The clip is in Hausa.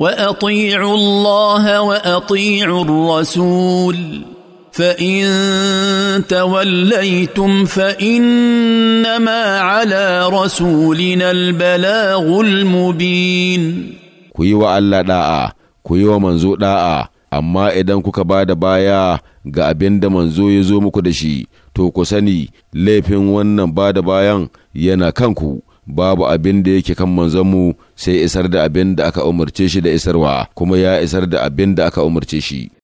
واطيعوا الله واطيعوا الرسول فان توليتم فانما على رسولنا البلاغ المبين ku yi wa Allah ɗa'a, ku yi wa manzo ɗa'a, amma idan kuka ba da baya ga abin da manzo ya zo muku da shi to ku sani laifin wannan ba da bayan yana kanku babu abin da yake kan mu sai isar da abin da aka umarce shi da isarwa kuma ya isar da abin da aka umarce shi